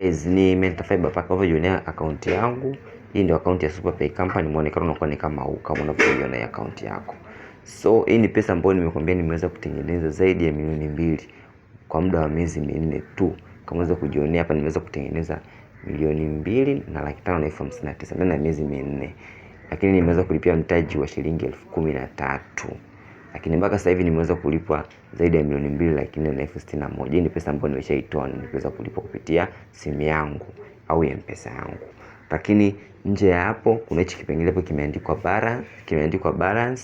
Guys, ni Nimeenter Faiba Park ambavyo jionea account yangu. Hii ndio account ya SuperPay Company, muonekano unakuwa ni kama huu kama unavyoiona ya account yako. So hii ni pesa ambayo nimekuambia nimeweza kutengeneza zaidi ya milioni mbili kwa muda wa miezi minne tu. Kama unaweza kujionea hapa, nimeweza kutengeneza milioni mbili na laki tano na elfu hamsini na tisa ndani ya miezi minne, lakini nimeweza kulipia mtaji wa shilingi elfu kumi na tatu lakini mpaka sasa hivi nimeweza kulipwa zaidi ya milioni mbili laki nne na elfu sitini na moja. Hii ni pesa ambayo nimeshaitoa nikiweza kulipwa kupitia simu yangu au ya mpesa yangu. Lakini nje ya hapo kuna hichi kipengele hapo kimeandikwa balance, kimeandikwa balance.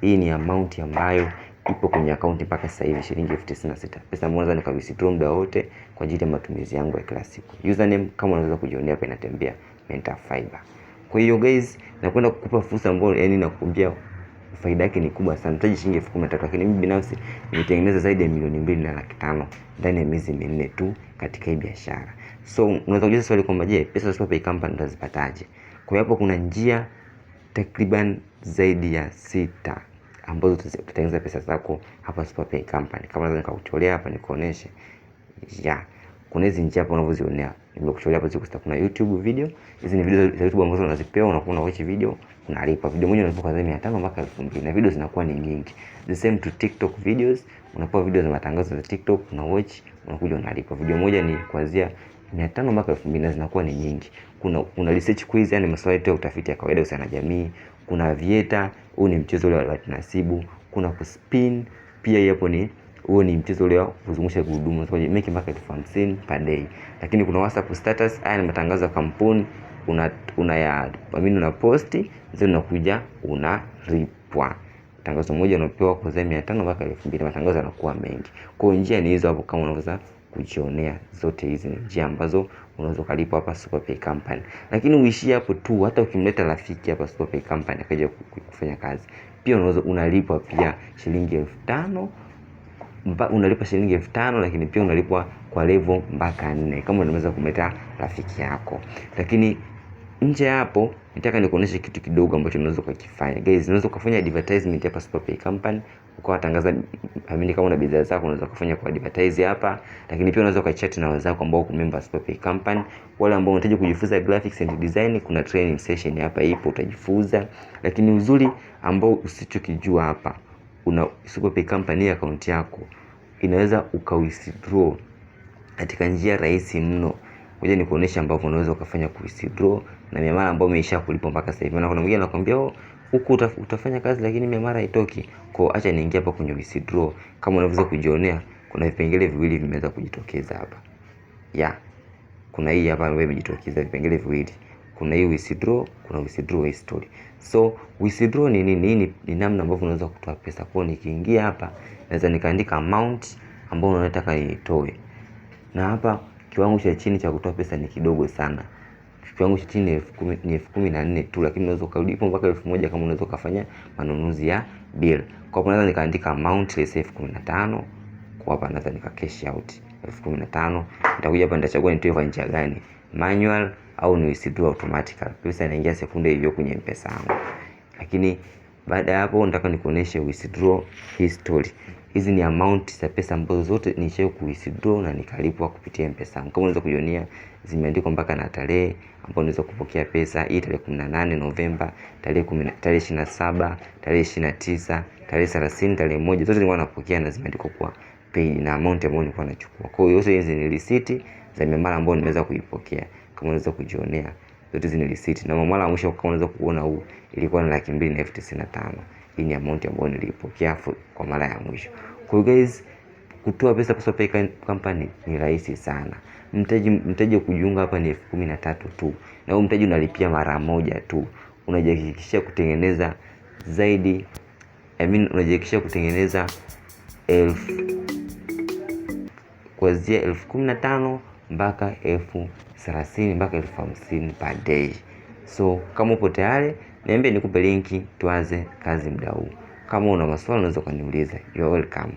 Hii ni amount ambayo ipo kwenye akaunti mpaka sasa hivi shilingi elfu tisini na sita. Pesa mwanzo ni kabisa muda wote kwa ajili ya matumizi yangu ya kila siku. Username kama unaweza kujionea hapa inatembea Menta Kwa hiyo guys, nakwenda kukupa fursa ambayo yani nakuambia faida yake ni kubwa sana. Mtaji shilingi elfu kumi na tatu lakini mimi binafsi nimetengeneza zaidi ya milioni mbili na laki tano ndani ya miezi minne tu katika hii biashara. So unaweza kuuliza swali kwamba je, pesa za SuperPay Company utazipataje? Kwa hiyo hapo kuna njia takriban zaidi ya sita ambazo utatengeneza pesa zako hapa SuperPay Company. Kama naweza nikakuchorea hapa nikuoneshe. Yeah kuna hizi njia hapo unavyozionea. Nimekushauri hapo zikusta. kuna YouTube video. Hizi ni video za YouTube ambazo unazipewa, na kuna watch video, unalipa. Video moja unalipa kwa kuanzia 500 mpaka 2000 na video zinakuwa ni nyingi. The same to TikTok videos, unapewa video za matangazo za TikTok, na watch, unakuja unalipa. Video moja ni kuanzia 500 mpaka 2000 na zinakuwa ni nyingi. Kuna kuna research quiz, yani maswali ya utafiti ya kawaida sana jamii. Kuna vieta, huu ni mchezo ule wa bahati nasibu. Kuna kuspin pia hapo ni huo ni mchezo ule wa kuzungusha gurudumu kwenye make mpaka elfu hamsini per day. Lakini kuna WhatsApp status, haya ni matangazo ya kampuni una una ya amini una post zile, unakuja una ripwa tangazo moja unapewa kuanzia mia tano mpaka elfu mbili matangazo yanakuwa mengi. Kwa hiyo njia ni hizo hapo, kama unaweza kujionea zote hizi ni njia ambazo unaweza kulipa hapa Superpay Company, lakini uishie hapo tu. Hata ukimleta rafiki hapa Superpay Company akaja kufanya kazi pia unaweza unalipwa pia shilingi elfu tano unalipa shilingi elfu tano lakini pia unalipwa kwa level mpaka nne kama unaweza kumeta rafiki yako. Lakini nje hapo nataka nikuoneshe kitu kidogo ambacho unaweza kukifanya. Guys, unaweza kufanya advertisement hapa SuperPay Company, ukawa tangaza amini kama una bidhaa zako unaweza kufanya kwa advertise hapa, lakini pia unaweza kuchat na wenzako ambao uko member SuperPay Company. Wale ambao unataka kujifunza graphics and design, kuna training session hapa ipo, utajifunza. Lakini uzuri ambao usichokijua hapa una Super Pay Company account yako inaweza uka withdraw katika njia rahisi mno. Ngoja kuonesha ambavyo unaweza ukafanya ku withdraw na miamala ambayo umeisha kulipa mpaka sasa hivi. Na kuna mwingine anakuambia oh, utaf, utafanya kazi lakini miamala haitoki. Kwa acha niingie hapa kwenye withdraw. Kama unavyoweza kujionea, kuna vipengele viwili vimeweza kujitokeza hapa. Ya. Kuna hii hapa ambayo imejitokeza vipengele viwili kuna hii withdraw, kuna withdraw history. So withdraw ni nini? Ni, ni ni namna ambavyo unaweza kutoa pesa. Kwa nikiingia hapa naweza nikaandika amount ambayo unataka nitoe. Na hapa kiwango cha chini cha kutoa pesa ni kidogo sana. Kiwango cha chini ni elfu kumi na nne tu, lakini unaweza ukarudi mpaka elfu moja kama unaweza ukafanya manunuzi ya bill. Kwa hapo naweza nikaandika amount ya say elfu kumi na tano. Kwa hapa naweza nika cash out elfu kumi na tano. Nitakuja hapa nitachagua nitoe kwa njia gani? Manual au ni withdraw automatically pesa inaingia sekunde hiyo kwenye mpesa yangu. Lakini baada ya hapo nataka nikuoneshe withdraw history. Hizi ni amount za pesa ambazo zote nishawahi withdraw na nikalipwa kupitia mpesa yangu. Kama unaweza kujionea zimeandikwa mpaka na tarehe ambapo unaweza kupokea pesa hii tarehe 18 Novemba, tarehe 10, tarehe 27, tarehe 29, tarehe 30, tarehe moja zote nilikuwa napokea na zimeandikwa kwa pay na amount ambayo nilikuwa nachukua. Kwa hiyo yote hizi ni receipt za miamala ambayo nimeweza kuipokea kama unaweza kujionea zote zina ni risiti na mara ya mwisho kama unaweza kuona huu ilikuwa ni laki mbili na elfu tisini na tano. Hii ni amount ambayo nilipokea kwa mara ya mwisho. Kwa hiyo guys, kutoa pesa kwa SofaPay Company ni rahisi sana. Mtaji mtaji kujiunga hapa ni elfu kumi na tatu tu, na huu mtaji unalipia mara moja tu. Unajihakikishia kutengeneza zaidi I mean, unajihakikishia kutengeneza elfu kuanzia elfu kumi na tano mpaka elfu thelathini mpaka elfu hamsini per day. So kama upo tayari, niambie nikupe linki tuanze kazi muda huu. Kama una maswali unaweza ukaniuliza. You're welcome.